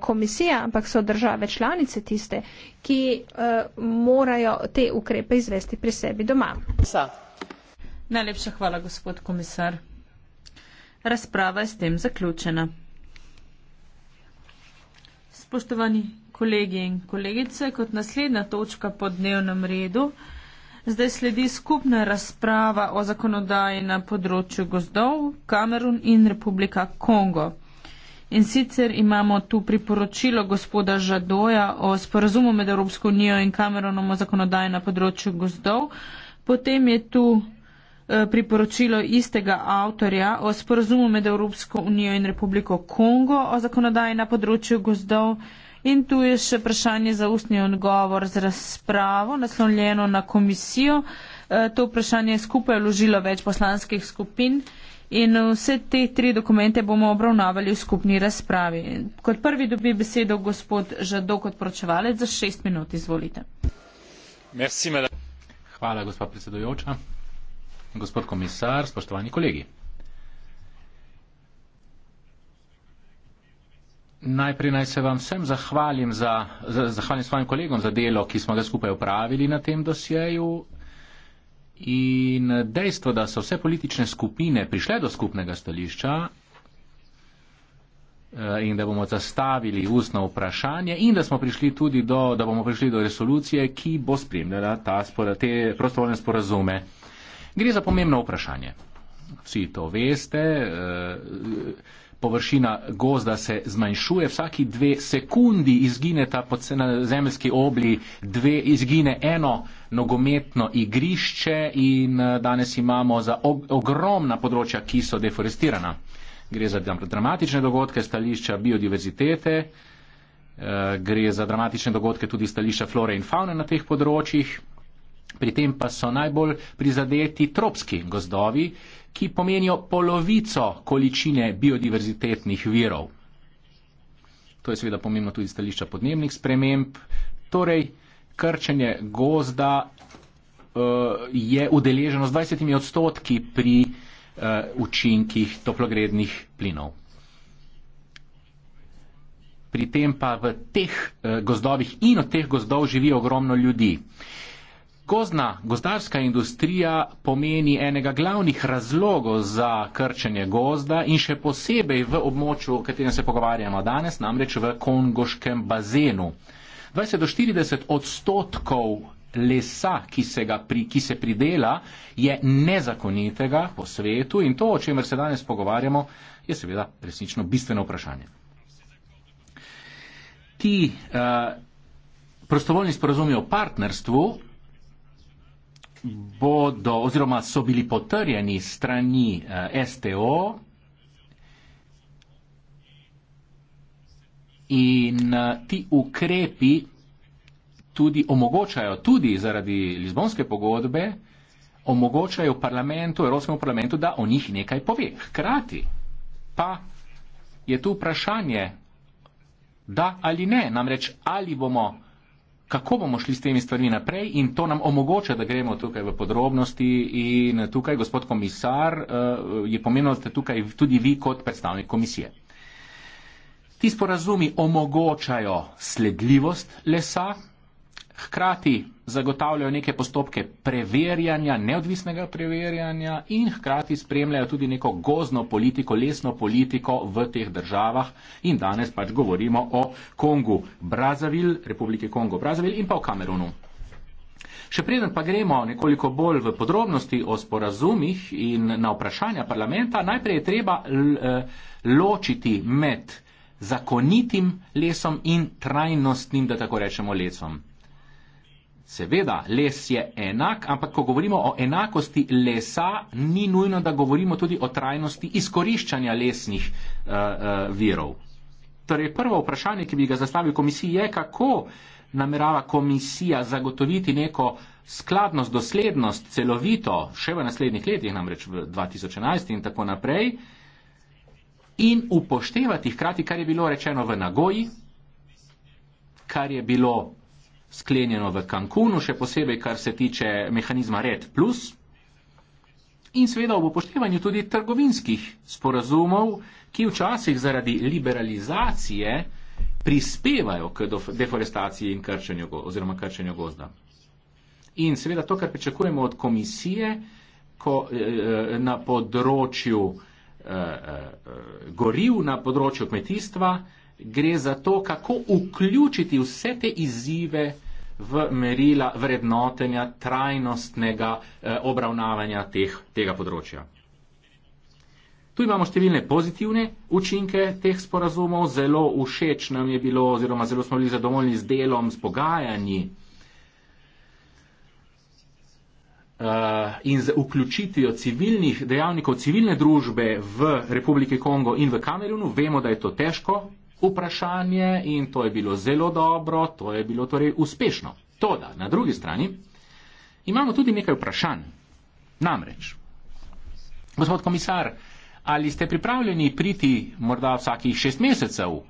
komisija, ampak so države članice tiste, ki eh, morajo te ukrepe izvesti pri sebi doma. Sa. Najlepša hvala, gospod komisar. Razprava je s tem zaključena. Spoštovani kolegi in kolegice, kot naslednja točka po dnevnem redu, zdaj sledi skupna razprava o zakonodaji na področju gozdov, Kamerun in Republika Kongo. In sicer imamo tu priporočilo gospoda Žadoja o sporazumu med Evropsko unijo in Cameronom o zakonodaji na področju gozdov. Potem je tu eh, priporočilo istega avtorja o sporazumu med Evropsko unijo in Republiko Kongo o zakonodaji na področju gozdov. In tu je še vprašanje za ustni odgovor z razpravo, naslovljeno na komisijo. Eh, to vprašanje je skupaj vložilo več poslanskih skupin in vse te tri dokumente bomo obravnavali v skupni razpravi. Kot prvi dobi besedo gospod Žadok kot poročevalec za šest minut. Izvolite. Merci, Hvala, gospa predsedujoča. Gospod komisar, spoštovani kolegi. Najprej naj se vam vsem zahvalim, za, za, zahvalim svojim kolegom za delo, ki smo ga skupaj upravili na tem dosjeju In dejstvo, da so vse politične skupine prišle do skupnega stališča eh, in da bomo zastavili ustno vprašanje in da smo prišli tudi do, da bomo prišli do resolucije, ki bo spremljala ta, te prostovoljne sporazume. Gre za pomembno vprašanje. Vsi to veste. Uh, površina gozda se zmanjšuje, vsaki dve sekundi izgine ta podcena zemljski obli, dve izgine eno nogometno igrišče in eh, danes imamo za og ogromna področja, ki so deforestirana. Gre za dramatične dogodke stališča biodiverzitete, eh, gre za dramatične dogodke tudi stališča flore in faune na teh področjih. Pri tem pa so najbolj prizadeti tropski gozdovi, ki pomenijo polovico količine biodiverzitetnih virov. To je seveda pomembno tudi stališča podnebnih sprememb. Torej, krčenje gozda uh, je udeleženo z 20 odstotki pri uh, učinkih toplogrednih plinov. Pri tem pa v teh uh, gozdovih in od teh gozdov živi ogromno ljudi. Uh, Gozna gozdarska industrija pomeni enega glavnih razlogov za krčenje gozda in še posebej v območju, o katerem se pogovarjamo danes, namreč v kongoškem bazenu. 20 do 40 odstotkov lesa, ki se, pri, ki se pridela, je nezakonitega po svetu in to, o čemer se danes pogovarjamo, je seveda resnično bistveno vprašanje. Ti uh, prostovoljni sporozumi o partnerstvu bodo oziroma so bili potrjeni strani uh, eh, STO in uh, ti ukrepi tudi omogočajo, tudi zaradi Lizbonske pogodbe, omogočajo parlamentu, Evropskemu parlamentu, da o njih nekaj pove. Hkrati pa je tu vprašanje, da ali ne, namreč ali bomo kako bomo šli s temi stvarmi naprej in to nam omogoča, da gremo tukaj v podrobnosti in tukaj, gospod komisar, eh, je pomembno, da ste tukaj tudi vi kot predstavnik komisije. Ti sporazumi omogočajo sledljivost lesa, hkrati zagotavljajo neke postopke preverjanja, neodvisnega preverjanja in hkrati spremljajo tudi neko gozno politiko, lesno politiko v teh državah. In danes pač govorimo o Kongu Brazavil, Republike Kongo Brazavil in pa o Kamerunu. Še preden pa gremo nekoliko bolj v podrobnosti o sporazumih in na vprašanja parlamenta, najprej je treba eh, ločiti med zakonitim lesom in trajnostnim, da tako rečemo, lesom. Seveda, les je enak, ampak ko govorimo o enakosti lesa, ni nujno, da govorimo tudi o trajnosti izkoriščanja lesnih uh, uh, virov. Torej, prvo vprašanje, ki bi ga zastavil komisiji, je, kako namerava komisija zagotoviti neko skladnost, doslednost, celovito, še v naslednjih letih, namreč v 2011 in tako naprej, in upoštevati hkrati, kar je bilo rečeno v Nagoji, kar je bilo sklenjeno v Cancunu, še posebej kar se tiče mehanizma Red Plus. In seveda ob upoštevanju tudi trgovinskih sporazumov, ki včasih zaradi liberalizacije prispevajo k deforestaciji in krčenju, oziroma krčenju gozda. In seveda to, kar pričakujemo od komisije ko, e, e, na področju e, goriv, na področju kmetijstva, gre za to, kako vključiti vse te izzive v merila vrednotenja trajnostnega eh, obravnavanja teh, tega področja. Tu imamo številne pozitivne učinke teh sporazumov, zelo všeč nam je bilo oziroma zelo smo bili zadovoljni z delom, z pogajanji eh, in z vključitvijo civilnih dejavnikov civilne družbe v Republiki Kongo in v Kamerunu. Vemo, da je to težko, vprašanje in to je bilo zelo dobro, to je bilo torej uspešno. Toda, na drugi strani imamo tudi nekaj vprašanj. Namreč, gospod komisar, ali ste pripravljeni priti morda vsakih šest mesecev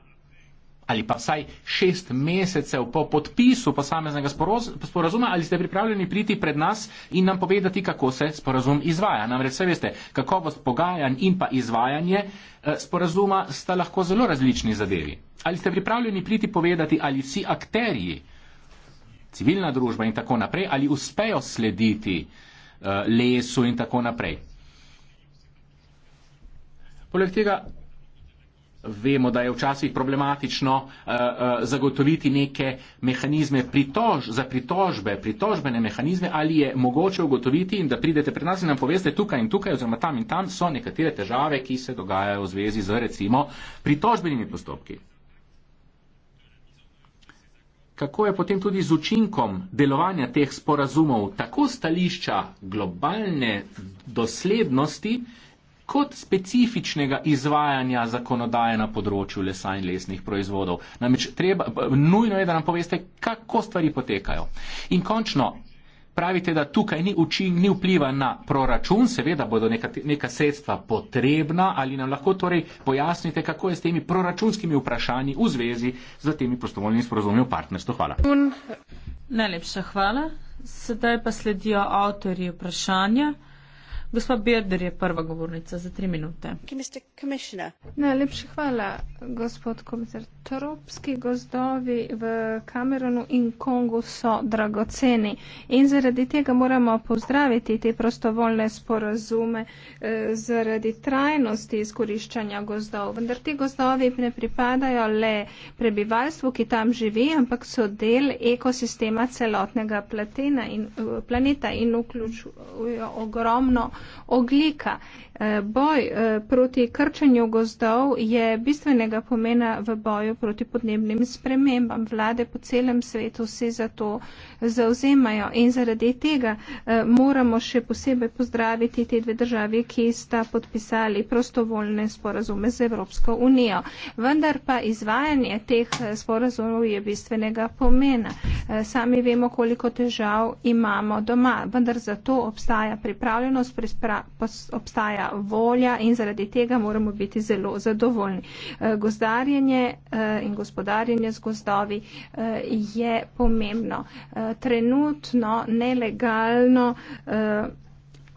ali pa vsaj šest mesecev po podpisu posameznega sporozuma, ali ste pripravljeni priti pred nas in nam povedati, kako se sporozum izvaja. Namreč, vse veste, kakovost pogajanj in pa izvajanje eh, sporozuma sta lahko zelo različni zadevi. Ali ste pripravljeni priti povedati, ali vsi akterji, civilna družba in tako naprej, ali uspejo slediti eh, lesu in tako naprej. Poleg tega, vemo, da je včasih problematično uh, uh, zagotoviti neke mehanizme pritož, za pritožbe, pritožbene mehanizme, ali je mogoče ugotoviti in da pridete pred nas in nam poveste tukaj in tukaj oziroma tam in tam so nekatere težave, ki se dogajajo v zvezi z recimo pritožbenimi postopki. Kako je potem tudi z učinkom delovanja teh sporazumov, tako stališča globalne doslednosti, uh, kot specifičnega izvajanja zakonodaje na področju lesa in lesnih proizvodov. Namreč treba, nujno je, da nam poveste, kako stvari potekajo. In končno, pravite, da tukaj ni, učin, ni vpliva na proračun, seveda bodo neka, neka sredstva potrebna, ali nam lahko torej pojasnite, kako je s temi proračunskimi vprašanji v zvezi z temi prostovoljnimi sporozumi v partnerstvu. Hvala. Najlepša hvala. Sedaj pa sledijo avtori vprašanja. Gospa Birder je prva govornica za tri minute. Najlepša hvala, gospod komisar. Tropski gozdovi v Kamerunu in Kongu so dragoceni in zaradi tega moramo pozdraviti te prostovoljne sporazume eh, zaradi trajnosti izkoriščanja gozdov. Vendar ti gozdovi ne pripadajo le prebivalstvu, ki tam živi, ampak so del ekosistema celotnega in, eh, planeta in vključujo ogromno ogljika. Eh, boj eh, proti krčanju gozdov je bistvenega pomena v boju proti podnebnim spremembam. Vlade po celem svetu se za to zauzemajo in zaradi tega eh, moramo še posebej pozdraviti te dve države, ki sta podpisali prostovoljne sporazume z Evropsko unijo. Vendar pa izvajanje teh sporazumov je bistvenega pomena. Sami vemo, koliko težav imamo doma, vendar zato obstaja pripravljenost, obstaja naša volja in zaradi tega moramo biti zelo zadovoljni. Eh, gozdarjenje eh, in gospodarjenje z gozdovi eh, je pomembno. Trenutno nelegalno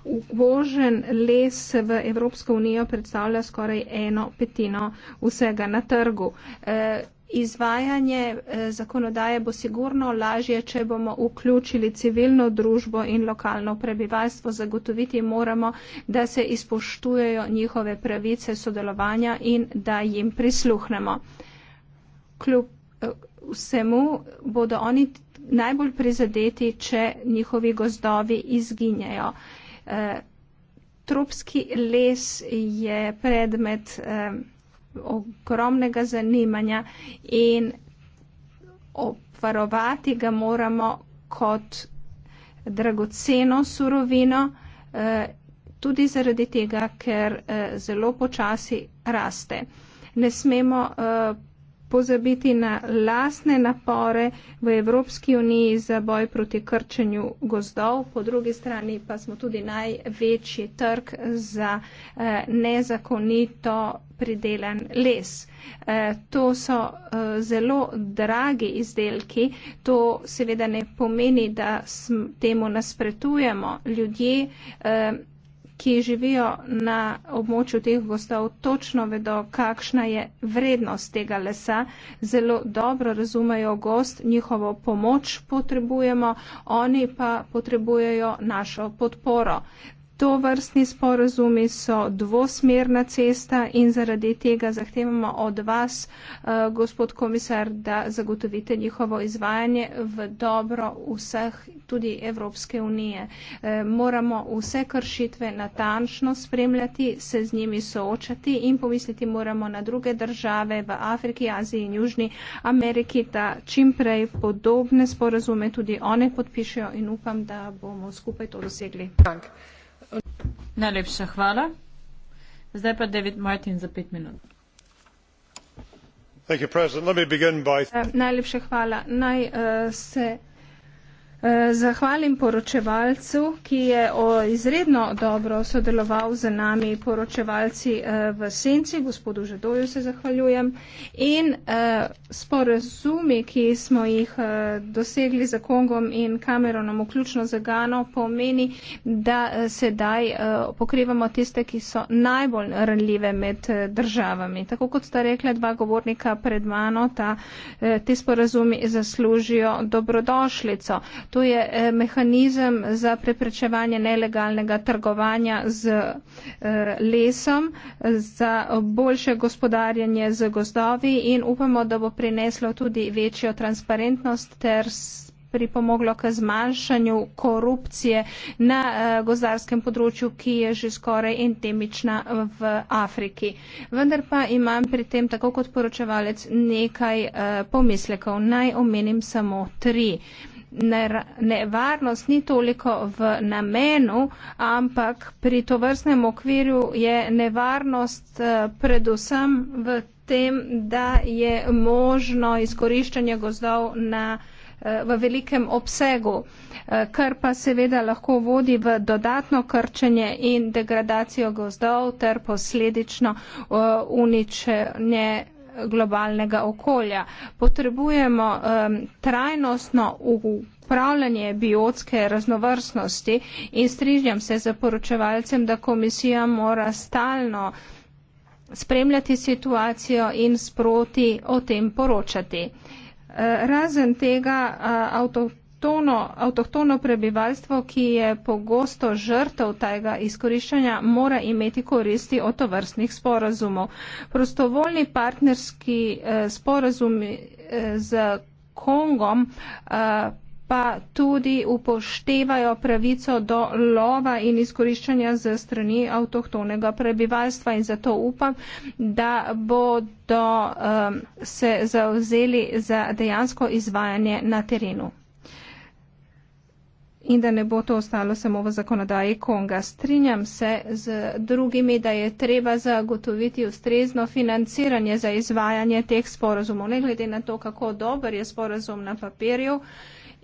uvožen les v Evropsko unijo predstavlja skoraj eno petino vsega na trgu izvajanje eh, zakonodaje bo sigurno lažje, če bomo vključili civilno družbo in lokalno prebivalstvo. Zagotoviti moramo, da se izpoštujejo njihove pravice sodelovanja in da jim prisluhnemo. Kljub eh, vsemu bodo oni najbolj prizadeti, če njihovi gozdovi izginjajo. Eh, tropski les je predmet ogromnega zanimanja in obvarovati ga moramo kot dragoceno surovino, eh, tudi zaradi tega, ker eh, zelo počasi raste. Ne smemo eh, pozabiti na lasne napore v Evropski uniji za boj proti krčenju gozdov, po drugi strani pa smo tudi največji trg za eh, nezakonito pridelan les. Eh, to so eh, zelo dragi izdelki, to seveda ne pomeni, da temu nasprotujemo ljudje ki živijo na območju teh gostov, točno vedo, kakšna je vrednost tega lesa, zelo dobro razumejo gost, njihovo pomoč potrebujemo, oni pa potrebujejo našo podporo. To vrstni sporozumi so dvosmerna cesta in zaradi tega zahtevamo od vas, eh, gospod komisar, da zagotovite njihovo izvajanje v dobro vseh, tudi Evropske unije. Eh, moramo vse kršitve natančno spremljati, se z njimi soočati in pomisliti moramo na druge države v Afriki, Aziji in Južni Ameriki, da čimprej podobne sporozume tudi one podpišejo in upam, da bomo skupaj to dosegli. Tak. Najlepša hvala. Zdaj pa David Martin za pet minut. Eh, najlepša hvala. Naj uh, se Zahvalim poročevalcu, ki je o izredno dobro sodeloval z nami, poročevalci eh, v Senci, gospodu Žedoju se zahvaljujem. In eh, sporazumi, ki smo jih eh, dosegli za Kongom in Kameronom, vključno za Gano, pomeni, da sedaj pokrivamo tiste, ki so najbolj ranljive med državami. Tako kot sta rekla dva govornika pred mano, ta, ti sporazumi zaslužijo dobrodošlico. To je eh, mehanizem za preprečevanje nelegalnega trgovanja z eh, lesom, za boljše gospodarjanje z gozdovi in upamo, da bo prineslo tudi večjo transparentnost ter pripomoglo k zmanjšanju korupcije na eh, gozdarskem področju, ki je že skoraj endemična v Afriki. Vendar pa imam pri tem, tako kot poročevalec, nekaj pomislekov. Naj omenim samo tri nevarnost ni toliko v namenu, ampak pri tovrstnem okviru je nevarnost eh, predvsem v tem, da je možno izkoriščanje gozdov na, eh, v velikem obsegu, eh, kar pa seveda lahko vodi v dodatno krčenje in degradacijo gozdov ter posledično uničenje globalnega okolja. Potrebujemo um, trajnostno upravljanje biotske raznovrstnosti in strižjam se za poročevalcem, da komisija mora stalno spremljati situacijo in sproti o tem poročati. Uh, razen tega uh, eh, avtoprogramov, avtohtono, avtohtono prebivalstvo, ki je pogosto žrtev tega izkoriščanja, mora imeti koristi od tovrstnih sporazumov. Prostovoljni partnerski eh, sporazum eh, z Kongom eh, pa tudi upoštevajo pravico do lova in izkoriščanja z strani avtohtonega prebivalstva in zato upam, da bodo um, se zauzeli za dejansko izvajanje na terenu in da ne bo to ostalo samo v zakonodaji Konga. Strinjam se z drugimi, da je treba zagotoviti ustrezno financiranje za izvajanje teh sporozumov, ne glede na to, kako dober je sporozum na papirju.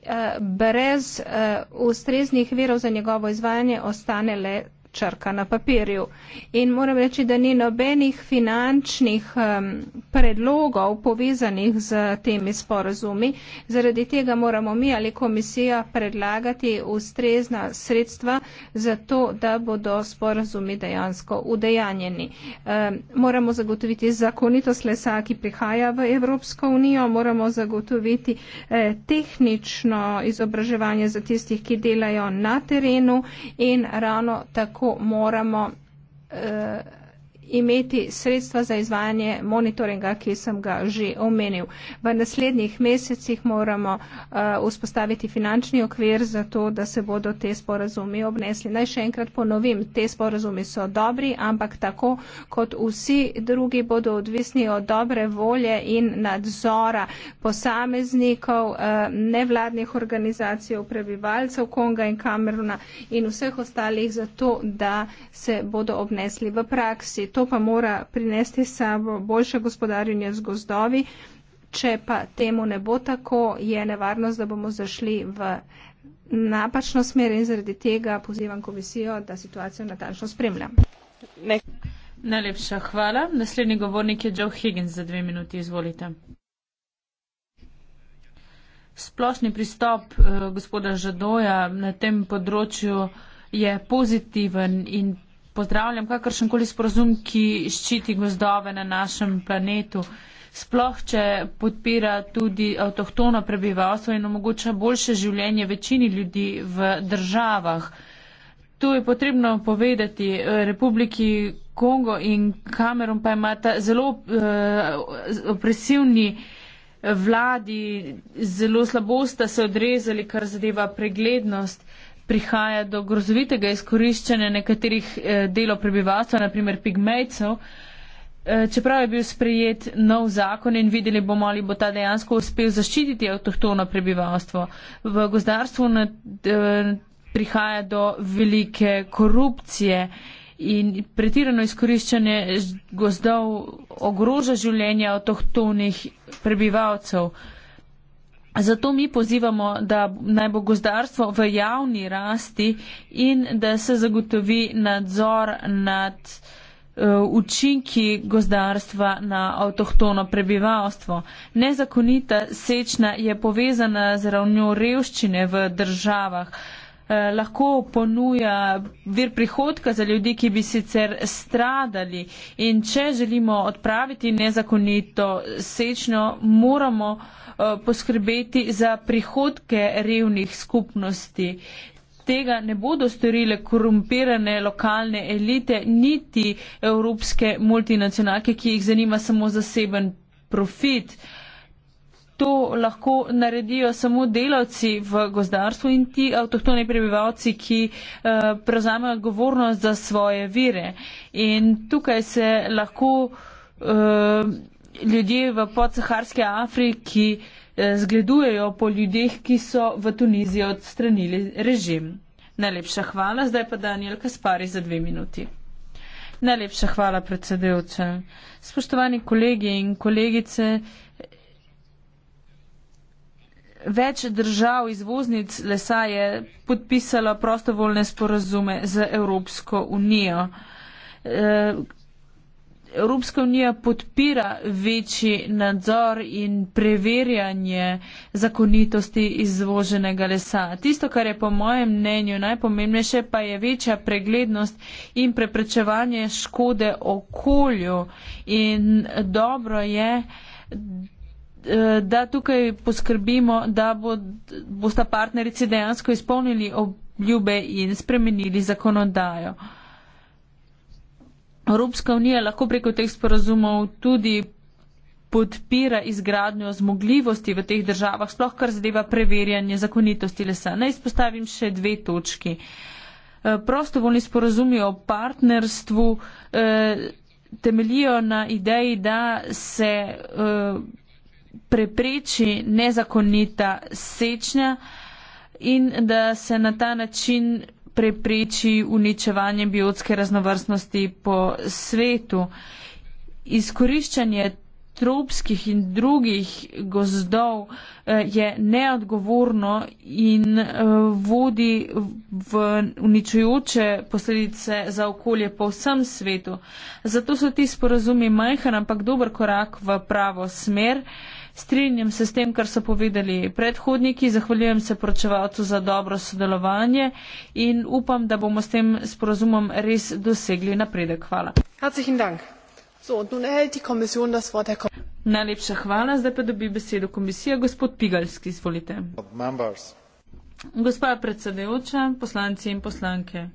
Eh, brez eh, ustreznih virov za njegovo izvajanje ostane le črka na papirju. In moram reči, da ni nobenih finančnih um, predlogov povezanih z temi sporazumi. Zaradi tega moramo mi ali komisija predlagati ustrezna sredstva za to, da bodo sporazumi dejansko udejanjeni. Um, moramo zagotoviti zakonitost lesa, ki prihaja v Evropsko unijo, moramo zagotoviti eh, tehnično izobraževanje za tistih, ki delajo na terenu in ravno tako moramo eh, imeti sredstva za izvajanje monitoringa, ki sem ga že omenil. V naslednjih mesecih moramo uh, vzpostaviti finančni okvir za to, da se bodo te sporazumi obnesli. Naj še enkrat ponovim, te sporazumi so dobri, ampak tako kot vsi drugi bodo odvisni od dobre volje in nadzora posameznikov, uh, nevladnih organizacij, prebivalcev Konga in Kameruna in vseh ostalih za to, da se bodo obnesli v praksi. To to pa mora prinesti sabo boljše gospodarjenje z gozdovi. Če pa temu ne bo tako, je nevarnost, da bomo zašli v napačno smer in zaradi tega pozivam komisijo, da situacijo natančno spremlja. Ne. Najlepša hvala. Naslednji govornik je Joe Higgins za dve minuti. Izvolite. Splošni pristop eh, gospoda Žadoja na tem področju je pozitiven in pozdravljam kakršen koli sporozum, ki ščiti gozdove na našem planetu. Sploh, če podpira tudi avtohtono prebivalstvo in omogoča boljše življenje večini ljudi v državah. Tu je potrebno povedati, eh, Republiki Kongo in Kamerun pa imata zelo eh, opresivni vladi, zelo slabo sta se odrezali, kar zadeva preglednost prihaja do grozovitega izkoriščanja nekaterih eh, delov prebivalstva, naprimer pigmejcev. Eh, čeprav je bil sprejet nov zakon in videli bomo, ali bo ta dejansko uspel zaščititi avtohtono prebivalstvo, v gozdarstvu eh, prihaja do velike korupcije in pretirano izkoriščanje gozdov ogroža življenje avtohtonih prebivalcev. Zato mi pozivamo, da naj bo gozdarstvo v javni rasti in da se zagotovi nadzor nad eh, učinki gozdarstva na avtohtono prebivalstvo. Nezakonita sečna je povezana z ravnjo revščine v državah. Eh, lahko ponuja vir prihodka za ljudi, ki bi sicer stradali. In če želimo odpraviti nezakonito sečno, moramo eh, poskrbeti za prihodke revnih skupnosti. Tega ne bodo storile korumpirane lokalne elite, niti evropske multinacionalke, ki jih zanima samo zaseben profit. Uh, to lahko naredijo samo delavci v gozdarstvu in ti avtohtoni prebivalci, ki uh, prevzamejo odgovornost za svoje vire. In tukaj se lahko uh, ljudje v podsaharske Afriki eh, zgledujejo po ljudeh, ki so v Tuniziji odstranili režim. Najlepša hvala. Zdaj pa Daniel Kaspari za dve minuti. Najlepša hvala, predsedujoča. Spoštovani kolegi in kolegice, Več držav izvoznic lesa je podpisalo prostovoljne sporazume z Evropsko unijo. Eh, Evropska unija podpira večji nadzor in preverjanje zakonitosti izvoženega lesa. Tisto, kar je po mojem mnenju najpomembnejše, pa je večja preglednost in preprečevanje škode okolju. In dobro je, Eh, da tukaj poskrbimo, da bosta bo partnerici dejansko izpolnili obljube in spremenili zakonodajo. Evropska unija lahko preko teh sporazumov tudi podpira izgradnjo zmogljivosti v teh državah, sploh kar zadeva preverjanje zakonitosti lesa. Naj izpostavim še dve točki. Eh, prostovoljni sporazumi o partnerstvu eh, temelijo na ideji, da se. Eh, prepreči nezakonita sečnja in da se na ta način prepreči uničevanje biotske raznovrstnosti po svetu. Izkoriščanje tropskih in drugih gozdov eh, je neodgovorno in eh, vodi v uničujoče posledice za okolje po vsem svetu. Zato so ti sporazumi majhen, ampak dober korak v pravo smer. Strinjam se s tem, kar so povedali predhodniki, zahvaljujem se poročevalcu za dobro sodelovanje in upam, da bomo s tem sporozumom res dosegli napredek. Hvala. Najlepša hvala. Zdaj pa dobi besedo komisija. Gospod Pigalski, izvolite. Gospa predsedujoča, poslanci in poslanke.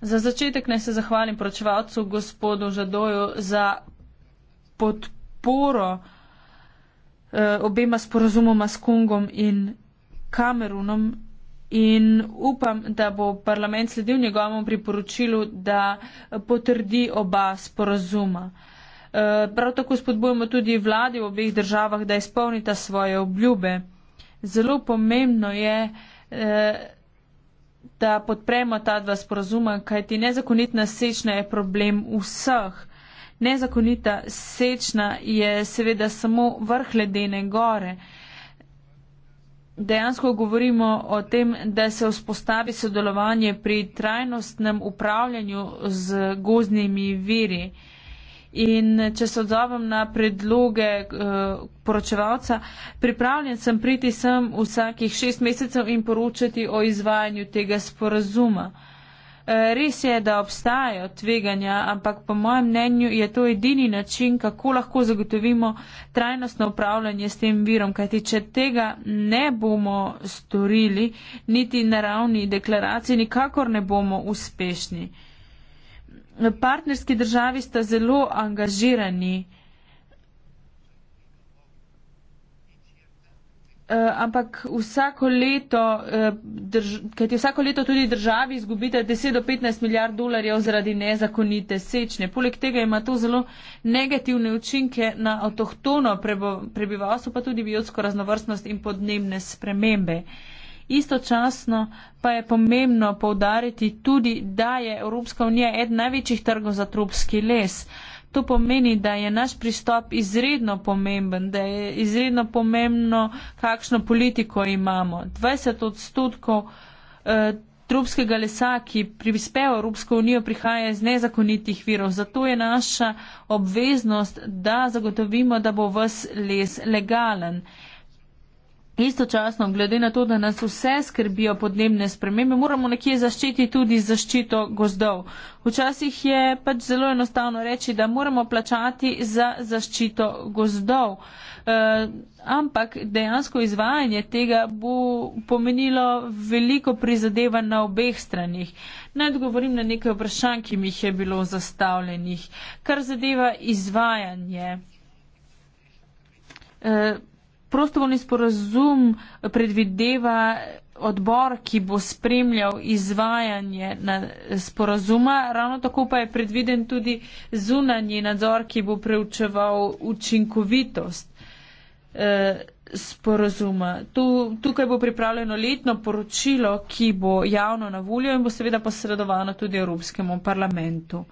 Za začetek naj se zahvalim poročevalcu gospodu Žadoju za podporo podporo eh, obema sporozumoma s Kongom in Kamerunom in upam, da bo parlament sledil njegovemu priporočilu, da potrdi oba sporozuma. Eh, prav tako spodbujamo tudi vladi v obeh državah, da izpolnita svoje obljube. Zelo pomembno je, eh, da podpremo ta dva sporozuma, kajti nezakonitna sečna je problem vseh. Nezakonita sečna je seveda samo vrh ledene gore. Dejansko govorimo o tem, da se vzpostavi sodelovanje pri trajnostnem upravljanju z gozdnimi viri. In če se odzovem na predloge uh, poročevalca, pripravljen sem priti sem vsakih šest mesecev in poročati o izvajanju tega sporazuma. Res je, da obstajajo tveganja, ampak po mojem mnenju je to edini način, kako lahko zagotovimo trajnostno upravljanje s tem virom. Kajti, če tega ne bomo storili, niti na ravni deklaracije, nikakor ne bomo uspešni. Partnerski državi sta zelo angažirani uh, Eh, ampak vsako leto, eh, drž, kajti vsako leto tudi državi izgubite 10 do 15 milijard dolarjev zaradi nezakonite sečne. Poleg tega ima to zelo negativne učinke na avtohtono prebivalstvo, pa tudi biotsko raznovrstnost in podnebne spremembe. Istočasno pa je pomembno povdariti tudi, da je Evropska unija eden največjih trgov za tropski les. Uh, to pomeni, da je naš pristop izredno pomemben, da je izredno pomembno, kakšno politiko imamo. 20 odstotkov eh, trupskega lesa, ki prispeva v Evropsko unijo, prihaja iz nezakonitih virov. Zato je naša obveznost, da zagotovimo, da bo vse les legalen. Istočasno, glede na to, da nas vse skrbijo podnebne spremembe, moramo nekje zaščiti tudi zaščito gozdov. Včasih je pač zelo enostavno reči, da moramo plačati za zaščito gozdov. E, ampak dejansko izvajanje tega bo pomenilo veliko prizadeva na obeh stranih. Naj odgovorim na nekaj vprašanj, ki mi jih je bilo zastavljenih. Kar zadeva izvajanje. E, prostovoljni sporazum predvideva odbor, ki bo spremljal izvajanje sporazuma, ravno tako pa je predviden tudi zunanji nadzor, ki bo preučeval učinkovitost eh, sporozuma. Tu, tukaj bo pripravljeno letno poročilo, ki bo javno na voljo in bo seveda posredovano tudi Evropskemu parlamentu.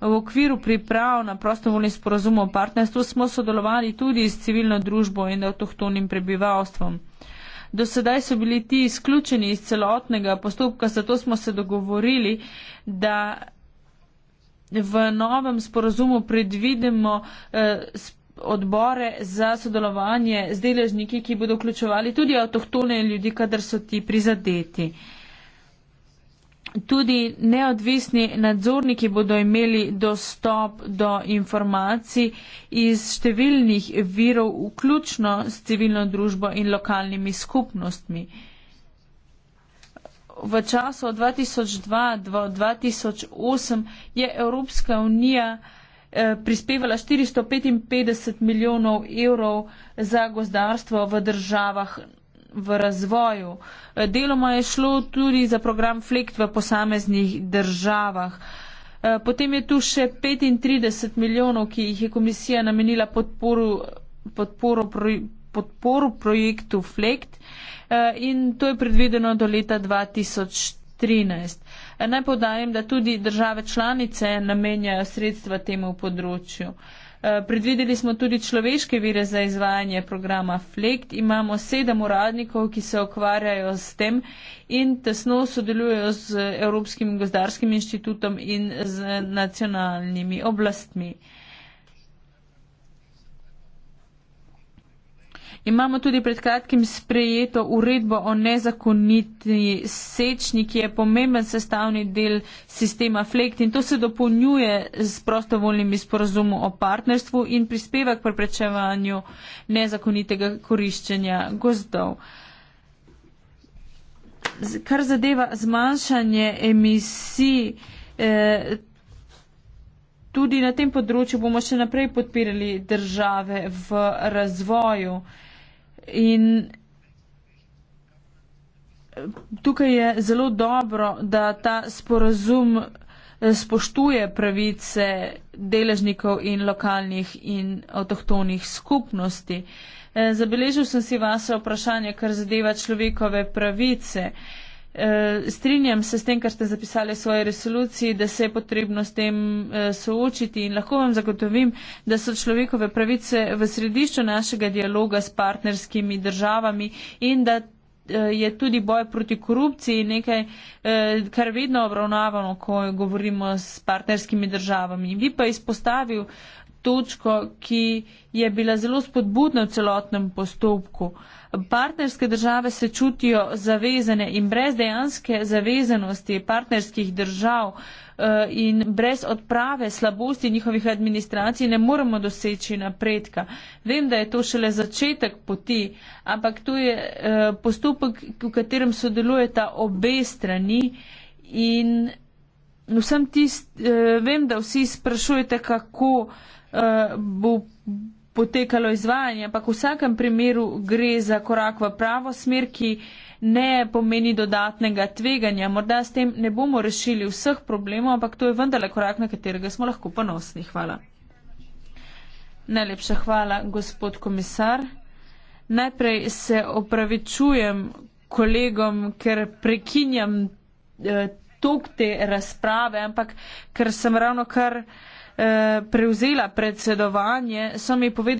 V okviru priprav na prostovoljni sporozum o partnerstvu smo sodelovali tudi s civilno družbo in avtohtonim prebivalstvom. Do sedaj so bili ti izključeni iz celotnega postopka, zato smo se dogovorili, da v novem sporozumu predvidimo eh, odbore za sodelovanje z deležniki, ki bodo vključovali tudi avtohtone ljudi, kadar so ti prizadeti. Tudi neodvisni nadzorniki bodo imeli dostop do informacij iz številnih virov, vključno s civilno družbo in lokalnimi skupnostmi. V času od 2002 do 2008 je Evropska unija eh, prispevala 455 milijonov evrov za gozdarstvo v državah v razvoju. Eh, deloma je šlo tudi za program Flekt v posameznih državah. Eh, potem je tu še 35 milijonov, ki jih je komisija namenila podporu, podporu, podporu projektu Flekt eh, in to je predvideno do leta 2013. Naj podajem, da tudi države članice namenjajo sredstva temu področju. Uh, Eh, predvideli smo tudi človeške vire za izvajanje programa FLEKT. Imamo sedem uradnikov, ki se okvarjajo s tem in tesno sodelujejo z Evropskim gozdarskim inštitutom in z nacionalnimi oblastmi. Imamo tudi pred kratkim sprejeto uredbo o nezakoniti sečni, ki je pomemben sestavni del sistema FLEKT in to se dopolnjuje z prostovoljnimi sporozumu o partnerstvu in prispeva k preprečevanju nezakonitega koriščenja gozdov. Kar zadeva zmanjšanje emisij, eh, tudi na tem področju bomo še naprej podpirali države v razvoju. In tukaj je zelo dobro, da ta sporazum eh, spoštuje pravice deležnikov in lokalnih in avtohtonih skupnosti. Eh, zabeležil sem si vaše vprašanje, kar zadeva človekove pravice. Eh, strinjam se s tem, kar ste zapisali v svoji resoluciji, da se je potrebno s tem eh, soočiti in lahko vam zagotovim, da so človekove pravice v središču našega dialoga s partnerskimi državami in da eh, je tudi boj proti korupciji nekaj, kar vedno obravnavamo, ko govorimo s partnerskimi državami. Vi pa izpostavil točko, ki je bila zelo spodbudna v celotnem postopku. Partnerske države se čutijo zavezane in brez dejanske zavezanosti partnerskih držav eh, in brez odprave slabosti njihovih administracij ne moremo doseči napredka. Vem, da je to šele začetek poti, ampak to je eh, postopek, v katerem sodelujeta obe strani in vsem tistim, eh, vem, da vsi sprašujete, kako eh, bo potekalo izvajanje, ampak v vsakem primeru gre za korak v pravo smer, ki ne pomeni dodatnega tveganja. Morda s tem ne bomo rešili vseh problemov, ampak to je vendarle korak, na katerega smo lahko ponosni. Hvala. Najlepša hvala, gospod komisar. Najprej se opravičujem kolegom, ker prekinjam. Eh, tok te razprave, ampak ker sem ravno kar eh, prevzela predsedovanje, so mi povedali,